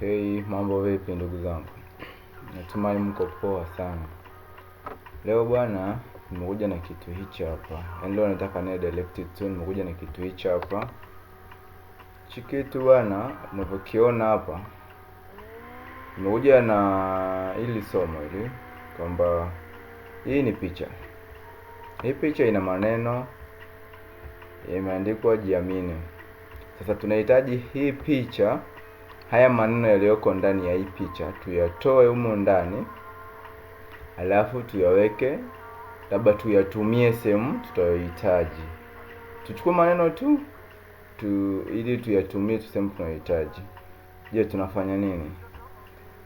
Hei, mambo vipi ndugu zangu, natumai mko poa sana. Leo bwana, nimekuja na kitu hichi hapa, yaani leo nataka naye direct tu, nimekuja na kitu hichi hapa. Hichi kitu bwana, unavyokiona hapa, nimekuja na ili somo hili kwamba hii ni picha. Hii picha ina maneno imeandikwa jiamini. Sasa tunahitaji hii picha haya maneno yaliyoko ndani ya hii picha tuyatoe humo ndani, alafu tuyaweke, labda tuyatumie sehemu tutayohitaji. Tuchukue maneno tu tu ili tuyatumie sehemu tunayohitaji. Je, tunafanya nini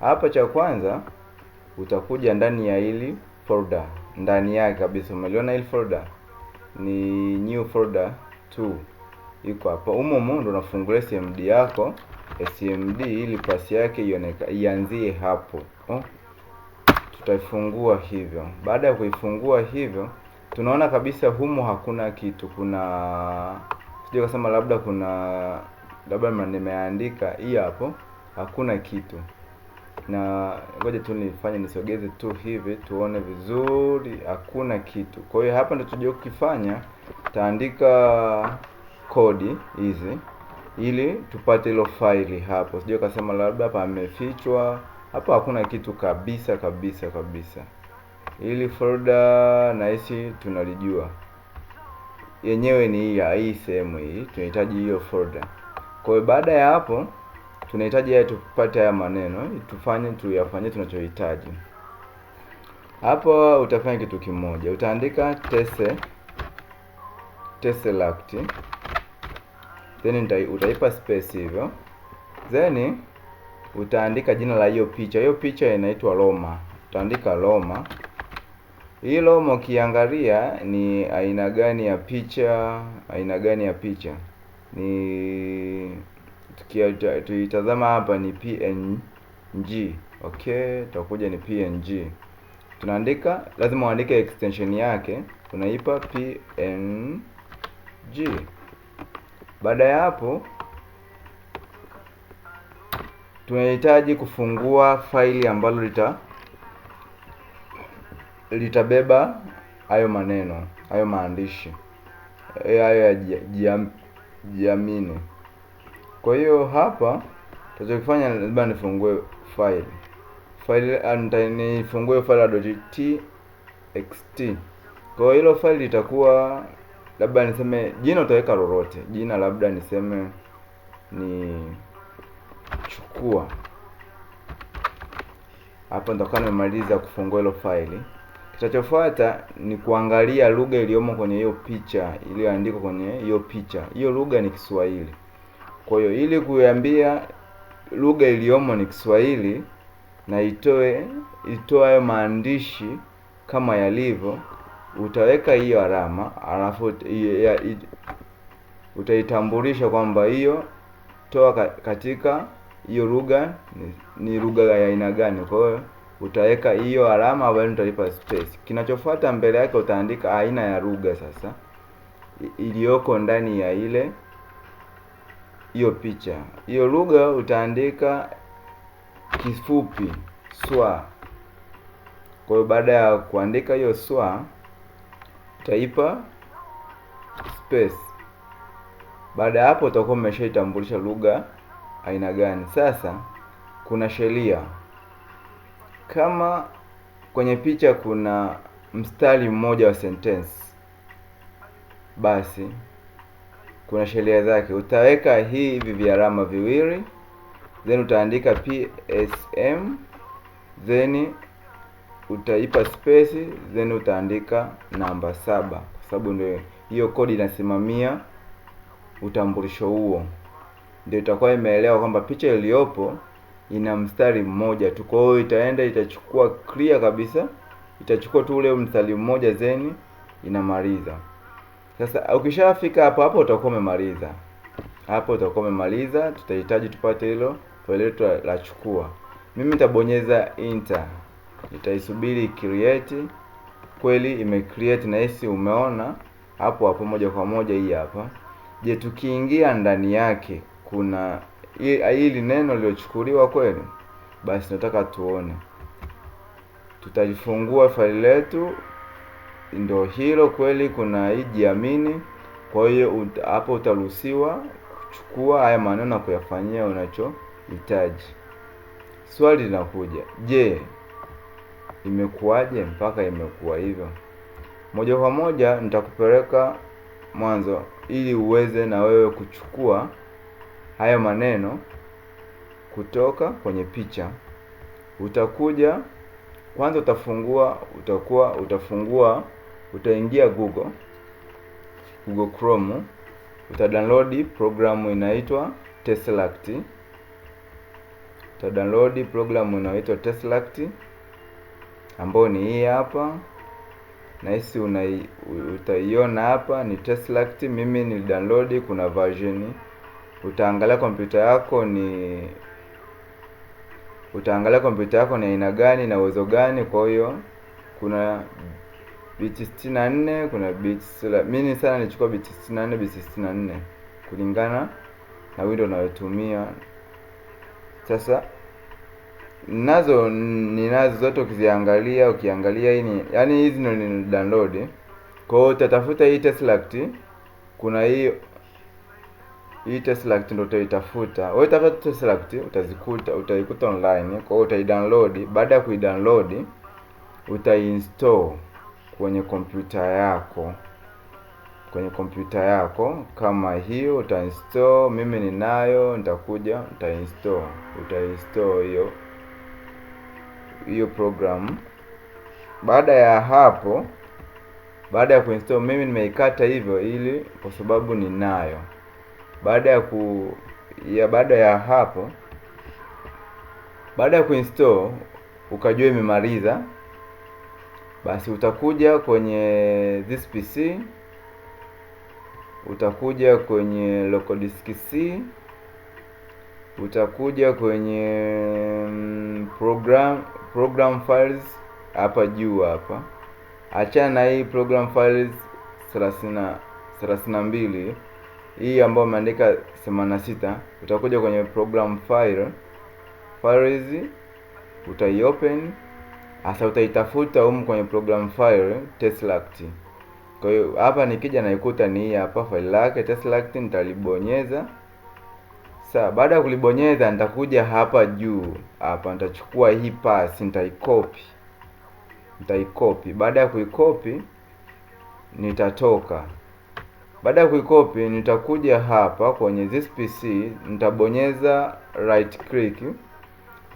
hapa? Cha kwanza utakuja ndani ya hili folder, ndani yake kabisa. Umeliona hili folder ni new folder 2 iko hapa, umo humo unafungulia cmd yako SMD ili pasi yake ianzie hapo oh. Tutaifungua hivyo. Baada ya kuifungua hivyo, tunaona kabisa humo hakuna kitu, kuna sije kusema labda kuna labda nimeandika hii hapo, hakuna kitu. Na ngoja tu nifanye, nisogeze tu hivi tuone vizuri, hakuna kitu. Kwa hiyo hapa ndio tujue kukifanya, taandika kodi hizi ili tupate hilo faili hapo. Sijui kasema labda pamefichwa. Hapa hakuna kitu kabisa kabisa kabisa. Ili folder nahisi tunalijua yenyewe ni hii ya hii sehemu hii, tunahitaji hiyo folder. Kwa hiyo baada ya hapo tunahitaji haya, tupate haya maneno tufanye, tuyafanye tunachohitaji. Hapo utafanya kitu kimoja, utaandika tese teselact then utaipa space hivyo, then utaandika jina la hiyo picha. Hiyo picha inaitwa Roma, utaandika Roma. Hii Roma ukiangalia ni aina gani ya picha? Aina gani ya picha? Ni tuitazama hapa ni PNG. Okay, tutakuja ni PNG. Tunaandika, lazima uandike extension yake, tunaipa PNG. Baada ya hapo tunahitaji kufungua faili ambalo lita litabeba hayo maneno hayo maandishi eh, hayo ya jiamini. Kwa hiyo hapa tutachofanya labda nifungue file file ah, nifungue file .txt. Kwa hiyo hilo file litakuwa labda niseme jina utaweka lolote jina, labda niseme ni chukua. Hapo nitakuwa nimemaliza kufungua hilo faili. Kitachofuata ni kuangalia lugha iliyomo kwenye hiyo picha iliyoandikwa kwenye hiyo picha. Hiyo lugha ni Kiswahili. Kwa hiyo ili kuiambia lugha iliyomo ni Kiswahili na itoe itoe maandishi kama yalivyo utaweka hiyo alama alafu utaitambulisha kwamba hiyo toa katika hiyo lugha ni lugha ya aina gani. Kwa hiyo utaweka hiyo alama ambayo utalipa space. Kinachofuata mbele yake utaandika aina ya lugha sasa iliyoko ndani ya ile hiyo picha. Hiyo lugha utaandika kifupi swa. Kwa hiyo baada ya kuandika hiyo swa taipa space. Baada ya hapo utakuwa umeshaitambulisha lugha aina gani. Sasa kuna sheria, kama kwenye picha kuna mstari mmoja wa sentensi, basi kuna sheria zake. Utaweka hii hivi vialama viwili, then utaandika PSM then utaipa space then utaandika namba saba kwa sababu ndio hiyo kodi inasimamia utambulisho huo, ndio itakuwa imeelewa kwamba picha iliyopo ina mstari mmoja tu. Kwa hiyo itaenda itachukua clear kabisa, itachukua tu ule mstari mmoja zeni inamaliza. Sasa ukishafika hapo hapo utakuwa umemaliza, hapo utakuwa umemaliza. Tutahitaji tupate hilo foreto la chukua. Mimi nitabonyeza enter nitaisubiri create kweli ime create na hisi umeona hapo hapo moja kwa moja hii hapa je tukiingia ndani yake kuna hili neno liliochukuliwa kweli basi nataka tuone tutajifungua faili letu ndo hilo kweli kuna hii jiamini kwa hiyo hapo uta, utaruhusiwa kuchukua haya maneno na kuyafanyia unachohitaji swali linakuja je imekuwaje mpaka imekuwa hivyo? Moja kwa moja nitakupeleka mwanzo ili uweze na wewe kuchukua hayo maneno kutoka kwenye picha. Utakuja kwanza, utafungua utakuwa utafungua utaingia Google Google Chrome, utadownload programu inaitwa Tesseract, utadownload programu inaitwa Tesseract ambayo ni hii hapa nahisi utaiona hapa ni Teslact. Mimi ni download, kuna version utaangalia kompyuta yako ni utaangalia kompyuta yako ni aina gani na uwezo gani. Kwa hiyo kuna bit 64 kuna biti mimi sana nichukua bit 64 bit 64 kulingana na window unayotumia sasa nazo ni nazo zote, ukiziangalia ukiangalia hii yani hizi ndio ni download. Kwa hiyo utatafuta hii Tesseract, kuna hii hii Tesseract ndio utaitafuta wewe. Utafuta Tesseract utazikuta, utaikuta online. Kwa hiyo utaidownload. Baada ya kuidownload, utainstall kwenye kompyuta yako kwenye kompyuta yako kama hiyo utainstall. Mimi ninayo, nitakuja nitainstall, utainstall hiyo hiyo program. Baada ya hapo, baada ya kuinstall, mimi nimeikata hivyo ili kwa sababu ninayo. Baada ya ku ya baada ya hapo, baada ya kuinstall ukajua imemaliza, basi utakuja kwenye this PC, utakuja kwenye local disk C, utakuja kwenye mm, program program files hapa juu hapa. Achana na hii program files 30 32 hii ambayo umeandika 86, utakuja kwenye program file files, utaiopen hasa, utaitafuta humu kwenye program file tesseract. Kwa hiyo hapa nikija naikuta ni hii hapa faili lake tesseract, nitalibonyeza sasa baada ya kulibonyeza nitakuja hapa juu hapa, nitachukua hii pass nitaikopi, nitaikopi. Baada ya kuikopi nitatoka. Baada ya kuikopi nitakuja hapa kwenye this PC nitabonyeza right click,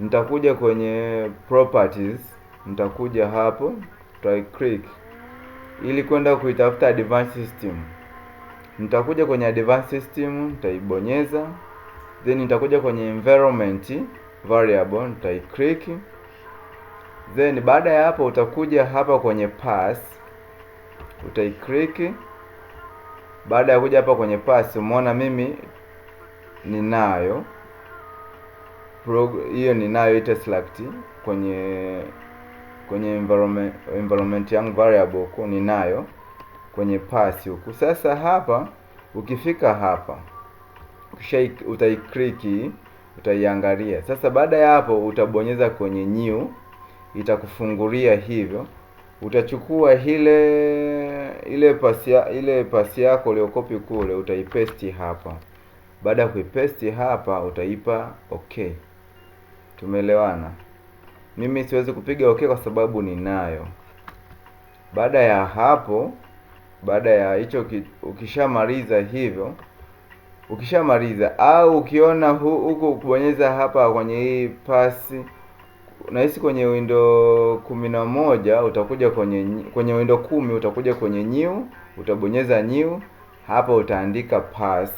nitakuja kwenye properties, nitakuja hapo right click ili kwenda kuitafuta advanced system. Nitakuja kwenye advanced system nitaibonyeza then nitakuja kwenye environment variable click then baada ya hapo utakuja hapa kwenye pass click Baada ya kuja hapa kwenye pass, umeona mimi ninayo hiyo ninayo ita select kwenye kwenye environment, environment yangu variable huko ninayo kwenye pass huku. Sasa hapa ukifika hapa kisha utaikliki utaiangalia. Sasa baada ya hapo utabonyeza kwenye new, itakufungulia hivyo. Utachukua ile ile pasi ile pasi yako uliokopi kule, utaipesti hapa. Baada ya kuipesti hapa, utaipa okay. Tumeelewana? Mimi siwezi kupiga okay kwa sababu ninayo. Baada ya hapo, baada ya hicho ukishamaliza hivyo Ukishamaliza au ukiona huku kubonyeza hapa kwenye hii pasi, nahisi kwenye window kumi na moja utakuja kwenye kwenye window kumi utakuja kwenye new, utabonyeza new hapa, utaandika pass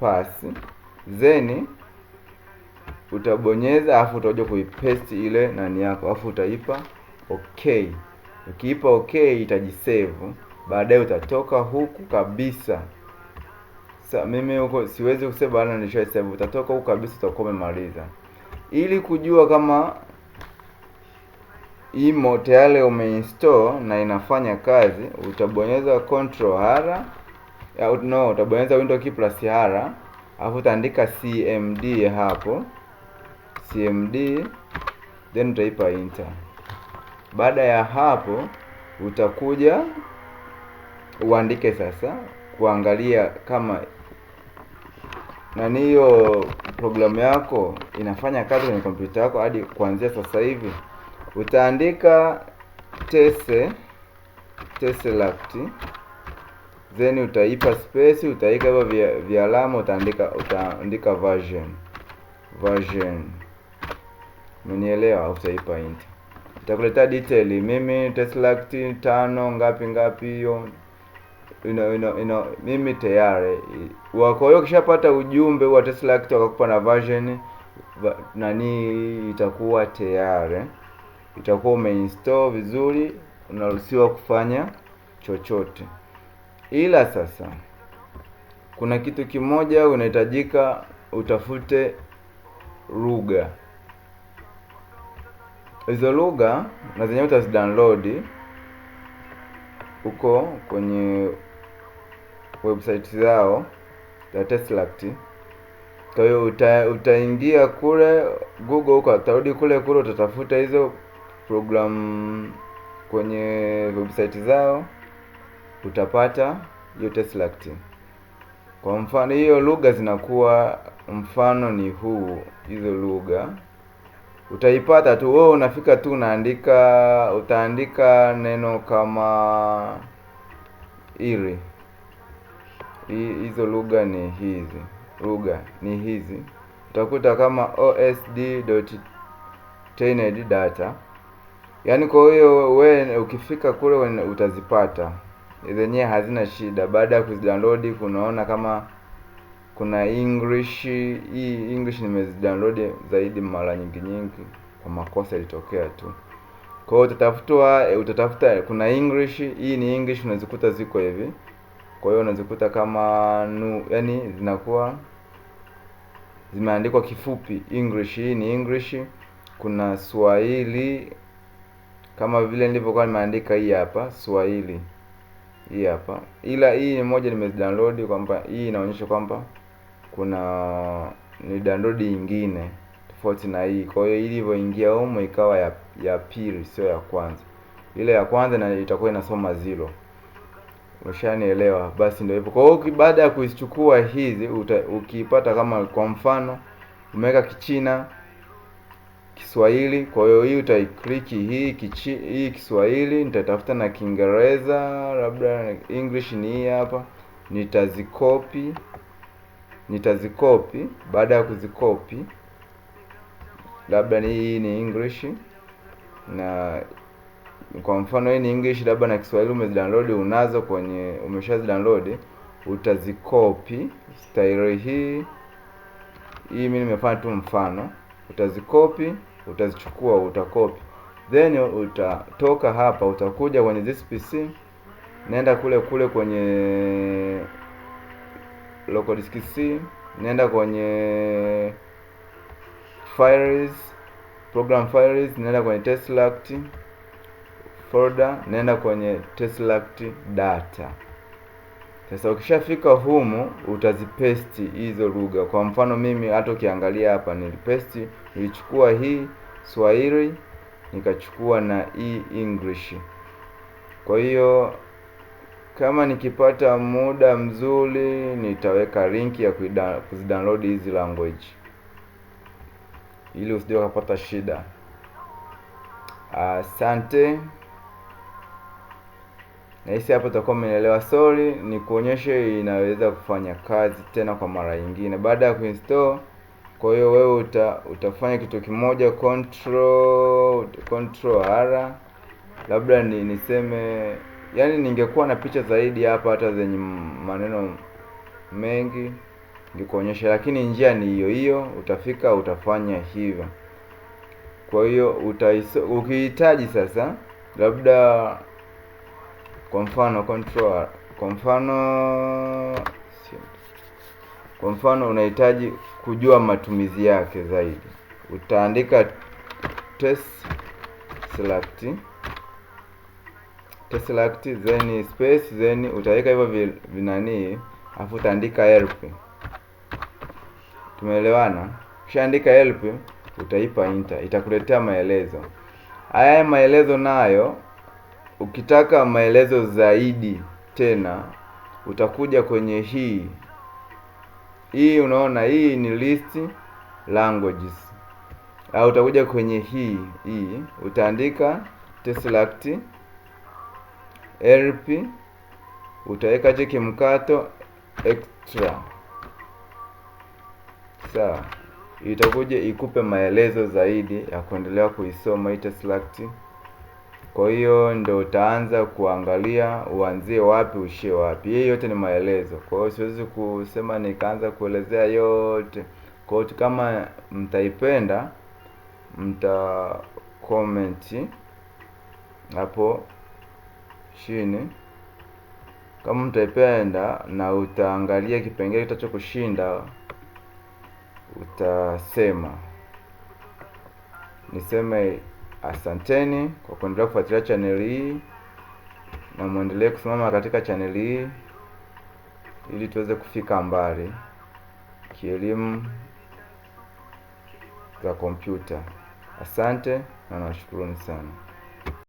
pass, then utabonyeza afu utakuja kuipaste ile nani yako, afu utaipa okay. Ukiipa okay itajisave, baadaye utatoka huku kabisa. Sa, mimi huko siwezi kusema bana nilishahesabu. Utatoka huko kabisa utakuwa umemaliza. Ili kujua kama imo tayari umeinstall na inafanya kazi, utabonyeza control R ya, no, utabonyeza window key plus hara, afu utaandika cmd hapo cmd, then utaipa enter. Baada ya hapo utakuja uandike sasa kuangalia kama nani hiyo programu yako inafanya kazi kwenye kompyuta yako hadi kuanzia sasa hivi, utaandika tese tesseract, then utaipa space, utaika hivyo vya, alama, utaandika utaandika version version, umenielewa? Utaipa int itakuletea detail. Mimi tesseract tano ngapi ngapi hiyo ina, ina, ina, mimi tayari wako hiyo kishapata ujumbe wa Tesla Act na version nani, itakuwa tayari itakuwa umeinstall vizuri, unaruhusiwa kufanya chochote. Ila sasa kuna kitu kimoja unahitajika utafute lugha hizo lugha na zenyewe utazidownload huko kwenye website zao za Tesseract. Kwa hiyo uta, utaingia kule Google huko, utarudi kule kule, utatafuta hizo programu kwenye website zao, utapata hiyo Tesseract. Kwa mfano hiyo lugha zinakuwa mfano ni huu, hizo lugha utaipata tu wewe, unafika tu unaandika, utaandika neno kama ili hizo lugha ni hizi lugha ni hizi utakuta kama osd.trained e data yaani kwa hiyo we ukifika kule utazipata zenyewe hazina shida baada ya kuzidownload kunaona kama kuna english hii english nimezidownload zaidi mara nyingi nyingi kwa makosa ilitokea tu kwa hiyo utatafuta utatafuta kuna english hii ni english unazikuta ziko hivi kwa hiyo unazikuta kama nu, yani zinakuwa zimeandikwa kifupi English. Hii ni English. Kuna Swahili kama vile nilivyokuwa nimeandika hii hapa Swahili, hii hapa ila hii ni moja nimedownload kwamba hii inaonyesha kwamba kuna ni download nyingine tofauti na hii. Kwa hiyo ilivyoingia humo ikawa ya, ya pili sio ya kwanza. Ile ya kwanza na itakuwa inasoma zero. Ushanielewa? Basi ndio hivyo. Kwa hiyo baada ya kuichukua hizi ukiipata kama kwa mfano umeweka Kichina Kiswahili, kwa hiyo hii utaiklik hii kichi, hii Kiswahili, nitatafuta na Kiingereza, labda English ni hii hapa, nitazikopi nitazikopi. Baada ya kuzikopi, labda ni hii ni English na kwa mfano hii ni English labda na Kiswahili umezidownload, unazo kwenye umeshazidownload, utazikopi style hii hii. Mimi nimefanya tu mfano, utazikopi, utazichukua, utakopi, then utatoka hapa, utakuja kwenye this PC, naenda kule kule kwenye local disk C, naenda kwenye files, program files, naenda kwenye test select folder, nenda kwenye Tesseract data. Sasa ukishafika humu utazipesti hizo lugha. Kwa mfano mimi hata ukiangalia hapa nilipesti, nilichukua hii Swahili nikachukua na hii English. Kwa hiyo kama nikipata muda mzuri nitaweka linki ya kuzidownload hizi language ili usije ukapata shida. Asante. Uh, Nahisi hapo utakuwa umeelewa. Sorry, ni kuonyeshe inaweza kufanya kazi tena kwa mara nyingine baada ya kuinstall. Kwa hiyo wewe uta, utafanya kitu kimoja control control R, labda ni, niseme yani, ningekuwa na picha zaidi hapa hata zenye maneno mengi ningekuonyesha, lakini njia ni hiyo hiyo, utafika utafanya hivyo. Kwa hiyo ukihitaji sasa labda kwa mfano controller, kwa mfano kwa mfano unahitaji kujua matumizi yake zaidi, utaandika test select then space then utaweka hivyo vinanii, afu utaandika help. Tumeelewana? Ukishaandika help, utaipa enter, itakuletea maelezo. Haya maelezo nayo ukitaka maelezo zaidi tena utakuja kwenye hii hii, unaona hii ni list languages, au utakuja kwenye hii hii utaandika Tesseract erp utaweka cheki mkato extra, sawa. Itakuja ikupe maelezo zaidi ya kuendelea kuisoma hii Tesseract. Kwa hiyo ndo utaanza kuangalia uanzie wapi ushie wapi. Hiyo yote ni maelezo, kwa hiyo siwezi kusema nikaanza kuelezea yote. Kwa hiyo kama mtaipenda mta comment hapo chini kama mtaipenda na utaangalia kipengele kitachokushinda utasema. Niseme Asanteni kwa kuendelea kufuatilia chaneli hii na muendelee kusimama katika chaneli hii ili tuweze kufika mbali kielimu za kompyuta. Asante na nawashukuruni sana.